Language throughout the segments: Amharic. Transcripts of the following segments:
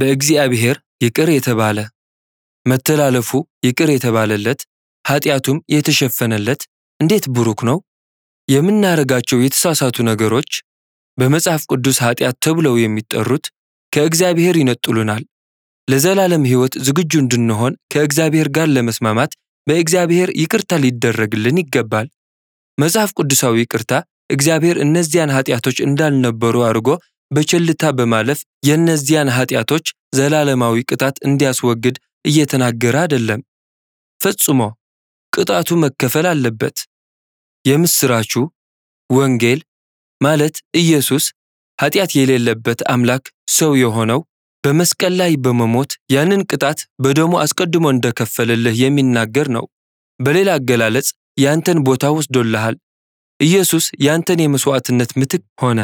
በእግዚአብሔር ይቅር የተባለ መተላለፉ ይቅር የተባለለት ኃጢአቱም የተሸፈነለት እንዴት ብሩክ ነው! የምናረጋቸው የተሳሳቱ ነገሮች በመጽሐፍ ቅዱስ ኃጢአት ተብለው የሚጠሩት ከእግዚአብሔር ይነጥሉናል። ለዘላለም ሕይወት ዝግጁ እንድንሆን ከእግዚአብሔር ጋር ለመስማማት በእግዚአብሔር ይቅርታ ሊደረግልን ይገባል። መጽሐፍ ቅዱሳዊ ይቅርታ እግዚአብሔር እነዚያን ኃጢአቶች እንዳልነበሩ አድርጎ በቸልታ በማለፍ የእነዚያን ኃጢአቶች ዘላለማዊ ቅጣት እንዲያስወግድ እየተናገረ አይደለም። ፈጽሞ ቅጣቱ መከፈል አለበት። የምስራቹ ወንጌል ማለት ኢየሱስ ኃጢአት የሌለበት አምላክ ሰው የሆነው በመስቀል ላይ በመሞት ያንን ቅጣት በደሙ አስቀድሞ እንደከፈለልህ የሚናገር ነው። በሌላ አገላለጽ ያንተን ቦታ ወስዶልሃል። ኢየሱስ ያንተን የመሥዋዕትነት ምትክ ሆነ።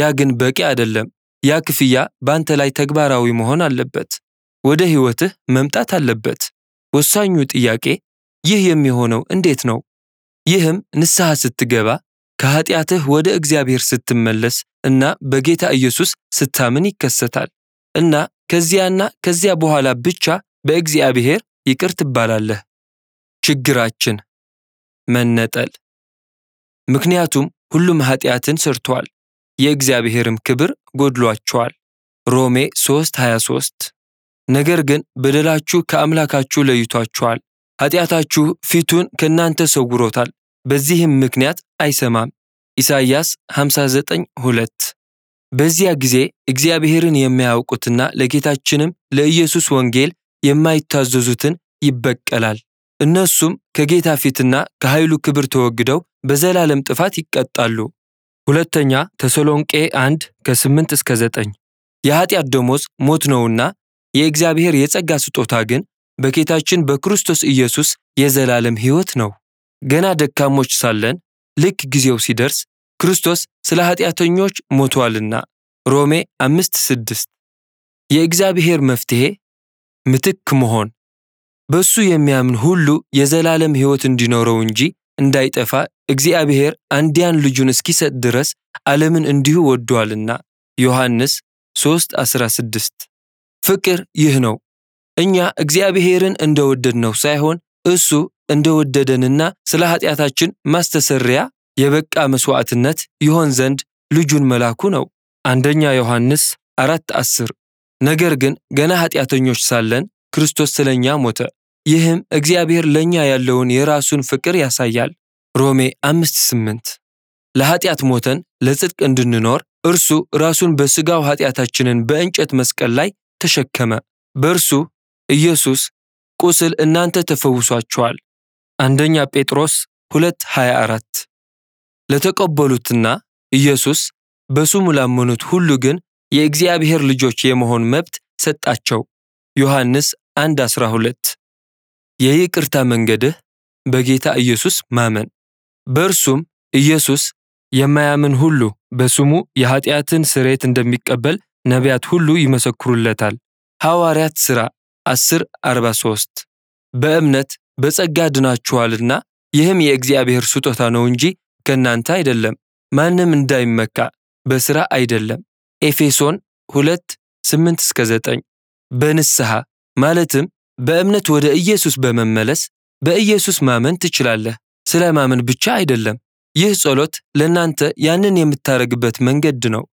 ያ ግን በቂ አይደለም። ያ ክፍያ ባንተ ላይ ተግባራዊ መሆን አለበት፣ ወደ ሕይወትህ መምጣት አለበት። ወሳኙ ጥያቄ ይህ የሚሆነው እንዴት ነው? ይህም ንስሐ ስትገባ፣ ከኃጢአትህ ወደ እግዚአብሔር ስትመለስ እና በጌታ ኢየሱስ ስታምን ይከሰታል እና ከዚያና ከዚያ በኋላ ብቻ በእግዚአብሔር ይቅር ትባላለህ። ችግራችን መነጠል ምክንያቱም ሁሉም ኃጢአትን ሰርቷል። የእግዚአብሔርም ክብር ጎድሏቸዋል። ሮሜ 3:23 ነገር ግን በደላችሁ ከአምላካችሁ ለይቷችኋል፣ ኃጢአታችሁ ፊቱን ከእናንተ ሰውሮታል፣ በዚህም ምክንያት አይሰማም። ኢሳይያስ 59:2 በዚያ ጊዜ እግዚአብሔርን የማያውቁትና ለጌታችንም ለኢየሱስ ወንጌል የማይታዘዙትን ይበቀላል። እነሱም ከጌታ ፊትና ከኃይሉ ክብር ተወግደው በዘላለም ጥፋት ይቀጣሉ። ሁለተኛ ተሰሎንቄ ከ8 እስከ ዘጠኝ የኃጢአት ደሞዝ ሞት ነውና የእግዚአብሔር የጸጋ ስጦታ ግን በጌታችን በክርስቶስ ኢየሱስ የዘላለም ሕይወት ነው። ገና ደካሞች ሳለን ልክ ጊዜው ሲደርስ ክርስቶስ ስለ ኃጢአተኞች ሞቷልና ሮሜ አምስት ስድስት የእግዚአብሔር መፍትሔ ምትክ መሆን በሱ የሚያምን ሁሉ የዘላለም ሕይወት እንዲኖረው እንጂ እንዳይጠፋ እግዚአብሔር አንዲያን ልጁን እስኪሰጥ ድረስ ዓለምን እንዲሁ ወዷልና ዮሐንስ 3:16 ፍቅር ይህ ነው። እኛ እግዚአብሔርን እንደወደድነው ሳይሆን እሱ እንደወደደንና ስለ ኃጢአታችን ማስተሰሪያ የበቃ መሥዋዕትነት ይሆን ዘንድ ልጁን መላኩ ነው። አንደኛ ዮሐንስ 4:10 ነገር ግን ገና ኃጢአተኞች ሳለን ክርስቶስ ስለኛ ሞተ። ይህም እግዚአብሔር ለእኛ ያለውን የራሱን ፍቅር ያሳያል። ሮሜ አምስት ስምንት ለኃጢአት ሞተን ለጽድቅ እንድንኖር እርሱ ራሱን በሥጋው ኃጢአታችንን በእንጨት መስቀል ላይ ተሸከመ። በእርሱ ኢየሱስ ቁስል እናንተ ተፈውሷችኋል። አንደኛ ጴጥሮስ 2:24 ለተቀበሉትና ኢየሱስ በስሙ ላመኑት ሁሉ ግን የእግዚአብሔር ልጆች የመሆን መብት ሰጣቸው። ዮሐንስ 1 12 የይቅርታ መንገድህ በጌታ ኢየሱስ ማመን በእርሱም ኢየሱስ የማያምን ሁሉ በስሙ የኃጢአትን ስርየት እንደሚቀበል ነቢያት ሁሉ ይመሰክሩለታል። ሐዋርያት ሥራ 43 በእምነት በጸጋ ድናችኋልና ይህም የእግዚአብሔር ስጦታ ነው እንጂ ከእናንተ አይደለም፣ ማንም እንዳይመካ በሥራ አይደለም። ኤፌሶን 2 8-9 በንስሐ ማለትም በእምነት ወደ ኢየሱስ በመመለስ በኢየሱስ ማመን ትችላለህ። ስለ ማመን ብቻ አይደለም። ይህ ጸሎት ለእናንተ ያንን የምታደርግበት መንገድ ነው።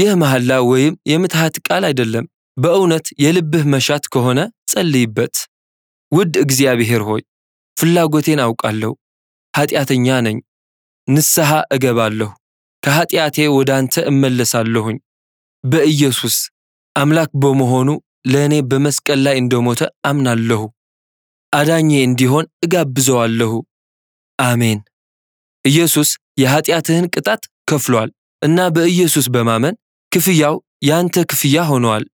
ይህ መሐላ ወይም የምትሃት ቃል አይደለም። በእውነት የልብህ መሻት ከሆነ ጸልይበት። ውድ እግዚአብሔር ሆይ ፍላጎቴን አውቃለሁ፣ ኃጢአተኛ ነኝ። ንስሐ እገባለሁ፣ ከኃጢአቴ ወደ አንተ እመለሳለሁኝ። በኢየሱስ አምላክ በመሆኑ ለእኔ በመስቀል ላይ እንደሞተ አምናለሁ። አዳኜ እንዲሆን እጋብዘዋለሁ። አሜን። ኢየሱስ የኃጢአትህን ቅጣት ከፍሏል እና በኢየሱስ በማመን ክፍያው ያንተ ክፍያ ሆነዋል።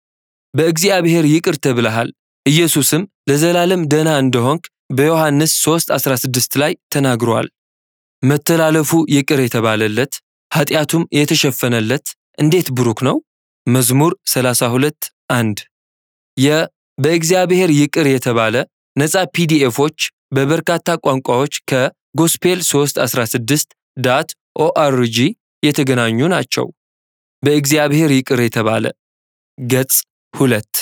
በእግዚአብሔር ይቅር ተብለሃል። ኢየሱስም ለዘላለም ደና እንደሆንክ በዮሐንስ 3 16 ላይ ተናግሯል። መተላለፉ ይቅር የተባለለት ኃጢአቱም የተሸፈነለት እንዴት ብሩክ ነው! መዝሙር 32 1 በእግዚአብሔር ይቅር የተባለ ነፃ ፒዲኤፎች በበርካታ ቋንቋዎች ከ ጎስፔል 316 ዳት ኦአርጂ የተገናኙ ናቸው። በእግዚአብሔር ይቅር የተባለ ገጽ ሁለት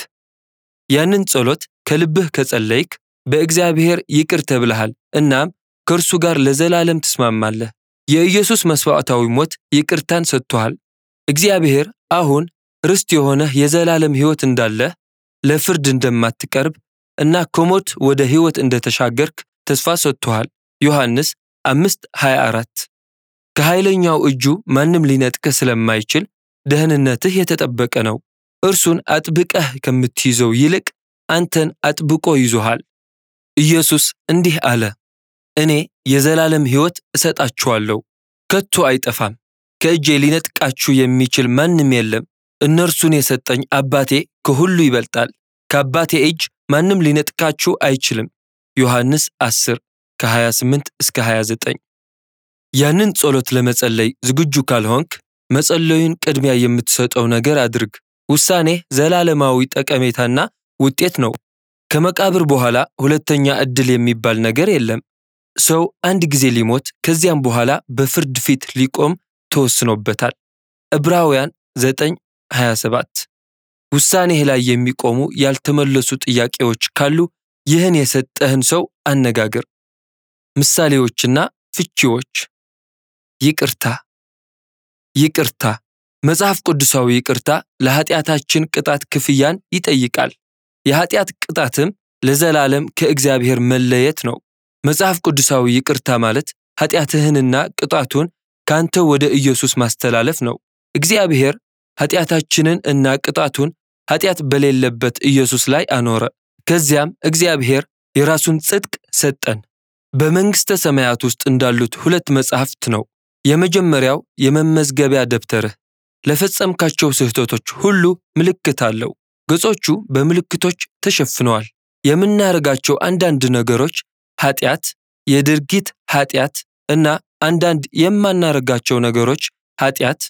ያንን ጸሎት ከልብህ ከጸለይክ በእግዚአብሔር ይቅር ተብልሃል፣ እናም ከእርሱ ጋር ለዘላለም ትስማማለህ። የኢየሱስ መሥዋዕታዊ ሞት ይቅርታን ሰጥቶሃል። እግዚአብሔር አሁን ርስት የሆነህ የዘላለም ሕይወት እንዳለህ፣ ለፍርድ እንደማትቀርብ እና ከሞት ወደ ሕይወት እንደተሻገርክ ተስፋ ሰጥቶሃል። ዮሐንስ 5:24 ከኃይለኛው እጁ ማንም ሊነጥቅህ ስለማይችል ደህንነትህ የተጠበቀ ነው። እርሱን አጥብቀህ ከምትይዘው ይልቅ አንተን አጥብቆ ይዞሃል። ኢየሱስ እንዲህ አለ፣ እኔ የዘላለም ሕይወት እሰጣችኋለሁ፣ ከቶ አይጠፋም፣ ከእጄ ሊነጥቃችሁ የሚችል ማንም የለም። እነርሱን የሰጠኝ አባቴ ከሁሉ ይበልጣል፣ ከአባቴ እጅ ማንም ሊነጥቃችሁ አይችልም። ዮሐንስ 10 ከ28 እስከ 29 ያንን ጸሎት ለመጸለይ ዝግጁ ካልሆንክ መጸለዩን ቅድሚያ የምትሰጠው ነገር አድርግ። ውሳኔ ዘላለማዊ ጠቀሜታና ውጤት ነው። ከመቃብር በኋላ ሁለተኛ ዕድል የሚባል ነገር የለም። ሰው አንድ ጊዜ ሊሞት ከዚያም በኋላ በፍርድ ፊት ሊቆም ተወስኖበታል። ዕብራውያን 9:27 ውሳኔህ ላይ የሚቆሙ ያልተመለሱ ጥያቄዎች ካሉ ይህን የሰጠህን ሰው አነጋግር። ምሳሌዎችና ፍቺዎች ይቅርታ ይቅርታ መጽሐፍ ቅዱሳዊ ይቅርታ ለኃጢአታችን ቅጣት ክፍያን ይጠይቃል። የኃጢአት ቅጣትም ለዘላለም ከእግዚአብሔር መለየት ነው። መጽሐፍ ቅዱሳዊ ይቅርታ ማለት ኃጢአትህንና ቅጣቱን ካንተ ወደ ኢየሱስ ማስተላለፍ ነው። እግዚአብሔር ኃጢአታችንን እና ቅጣቱን ኃጢአት በሌለበት ኢየሱስ ላይ አኖረ። ከዚያም እግዚአብሔር የራሱን ጽድቅ ሰጠን። በመንግሥተ ሰማያት ውስጥ እንዳሉት ሁለት መጻሕፍት ነው። የመጀመሪያው የመመዝገቢያ ደብተርህ ለፈጸምካቸው ስህተቶች ሁሉ ምልክት አለው። ገጾቹ በምልክቶች ተሸፍነዋል። የምናደርጋቸው አንዳንድ ነገሮች ኃጢአት፣ የድርጊት ኃጢአት እና አንዳንድ የማናደርጋቸው ነገሮች ኃጢአት፣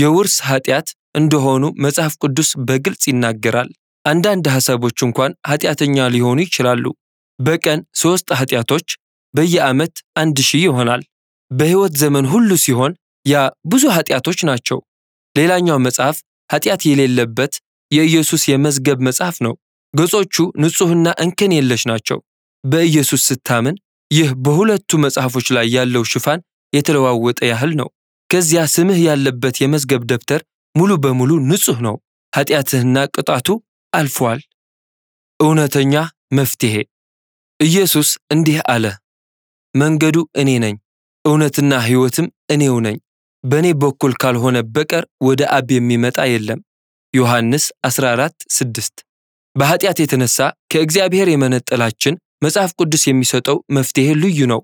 የውርስ ኃጢአት እንደሆኑ መጽሐፍ ቅዱስ በግልጽ ይናገራል። አንዳንድ ሐሳቦች እንኳን ኃጢአተኛ ሊሆኑ ይችላሉ። በቀን ሦስት ኃጢአቶች በየዓመት አንድ ሺህ ይሆናል። በሕይወት ዘመን ሁሉ ሲሆን ያ ብዙ ኃጢአቶች ናቸው። ሌላኛው መጽሐፍ ኃጢአት የሌለበት የኢየሱስ የመዝገብ መጽሐፍ ነው። ገጾቹ ንጹሕና እንከን የለሽ ናቸው። በኢየሱስ ስታምን ይህ በሁለቱ መጽሐፎች ላይ ያለው ሽፋን የተለዋወጠ ያህል ነው። ከዚያ ስምህ ያለበት የመዝገብ ደብተር ሙሉ በሙሉ ንጹሕ ነው። ኃጢአትህና ቅጣቱ አልፏል። እውነተኛ መፍትሔ ኢየሱስ እንዲህ አለ፣ መንገዱ እኔ ነኝ፣ እውነትና ሕይወትም እኔው ነኝ። በእኔ በኩል ካልሆነ በቀር ወደ አብ የሚመጣ የለም። ዮሐንስ 14 6 በኃጢአት የተነሳ ከእግዚአብሔር የመነጠላችን መጽሐፍ ቅዱስ የሚሰጠው መፍትሔ ልዩ ነው።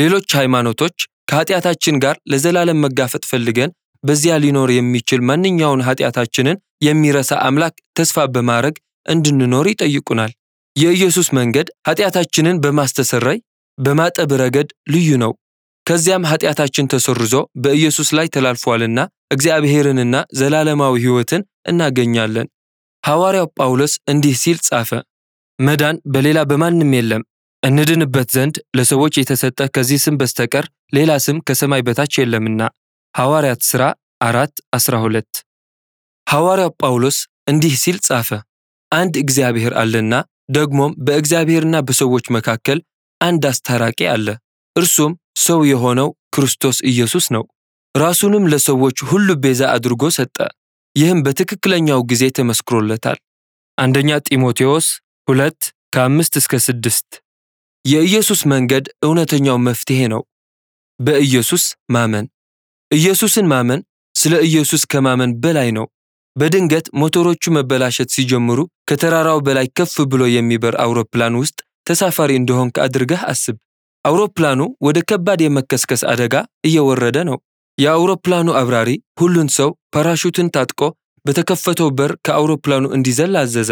ሌሎች ሃይማኖቶች ከኃጢአታችን ጋር ለዘላለም መጋፈጥ ፈልገን በዚያ ሊኖር የሚችል ማንኛውን ኃጢአታችንን የሚረሳ አምላክ ተስፋ በማድረግ እንድንኖር ይጠይቁናል። የኢየሱስ መንገድ ኃጢአታችንን በማስተሰረይ በማጠብ ረገድ ልዩ ነው። ከዚያም ኃጢአታችን ተሰርዞ በኢየሱስ ላይ ተላልፏልና እግዚአብሔርንና ዘላለማዊ ሕይወትን እናገኛለን። ሐዋርያው ጳውሎስ እንዲህ ሲል ጻፈ፣ መዳን በሌላ በማንም የለም፣ እንድንበት ዘንድ ለሰዎች የተሰጠ ከዚህ ስም በስተቀር ሌላ ስም ከሰማይ በታች የለምና። ሐዋርያት ሥራ 4 12 ሐዋርያው ጳውሎስ እንዲህ ሲል ጻፈ፣ አንድ እግዚአብሔር አለና ደግሞም በእግዚአብሔርና በሰዎች መካከል አንድ አስታራቂ አለ፣ እርሱም ሰው የሆነው ክርስቶስ ኢየሱስ ነው። ራሱንም ለሰዎች ሁሉ ቤዛ አድርጎ ሰጠ። ይህም በትክክለኛው ጊዜ ተመስክሮለታል። አንደኛ ጢሞቴዎስ ከ ከአምስት እስከ ስድስት የኢየሱስ መንገድ እውነተኛው መፍትሄ ነው። በኢየሱስ ማመን ኢየሱስን ማመን ስለ ኢየሱስ ከማመን በላይ ነው። በድንገት ሞተሮቹ መበላሸት ሲጀምሩ ከተራራው በላይ ከፍ ብሎ የሚበር አውሮፕላን ውስጥ ተሳፋሪ እንደሆንክ አድርገህ አስብ። አውሮፕላኑ ወደ ከባድ የመከስከስ አደጋ እየወረደ ነው። የአውሮፕላኑ አብራሪ ሁሉን ሰው ፓራሹትን ታጥቆ በተከፈተው በር ከአውሮፕላኑ እንዲዘል አዘዘ።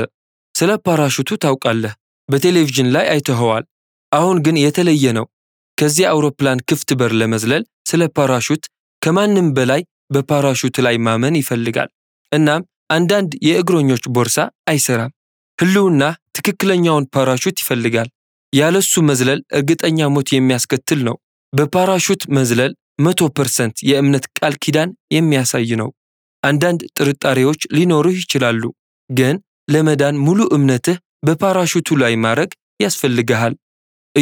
ስለ ፓራሹቱ ታውቃለህ፣ በቴሌቪዥን ላይ አይተኸዋል። አሁን ግን የተለየ ነው። ከዚህ አውሮፕላን ክፍት በር ለመዝለል ስለ ፓራሹት ከማንም በላይ በፓራሹት ላይ ማመን ይፈልጋል። እናም አንዳንድ የእግረኞች ቦርሳ አይሰራም። ህልውና ትክክለኛውን ፓራሹት ይፈልጋል። ያለሱ መዝለል እርግጠኛ ሞት የሚያስከትል ነው። በፓራሹት መዝለል 100% የእምነት ቃል ኪዳን የሚያሳይ ነው። አንዳንድ ጥርጣሬዎች ሊኖሩህ ይችላሉ፣ ግን ለመዳን ሙሉ እምነትህ በፓራሹቱ ላይ ማድረግ ያስፈልግሃል።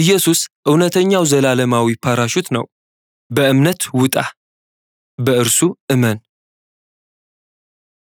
ኢየሱስ እውነተኛው ዘላለማዊ ፓራሹት ነው። በእምነት ውጣ፣ በእርሱ እመን።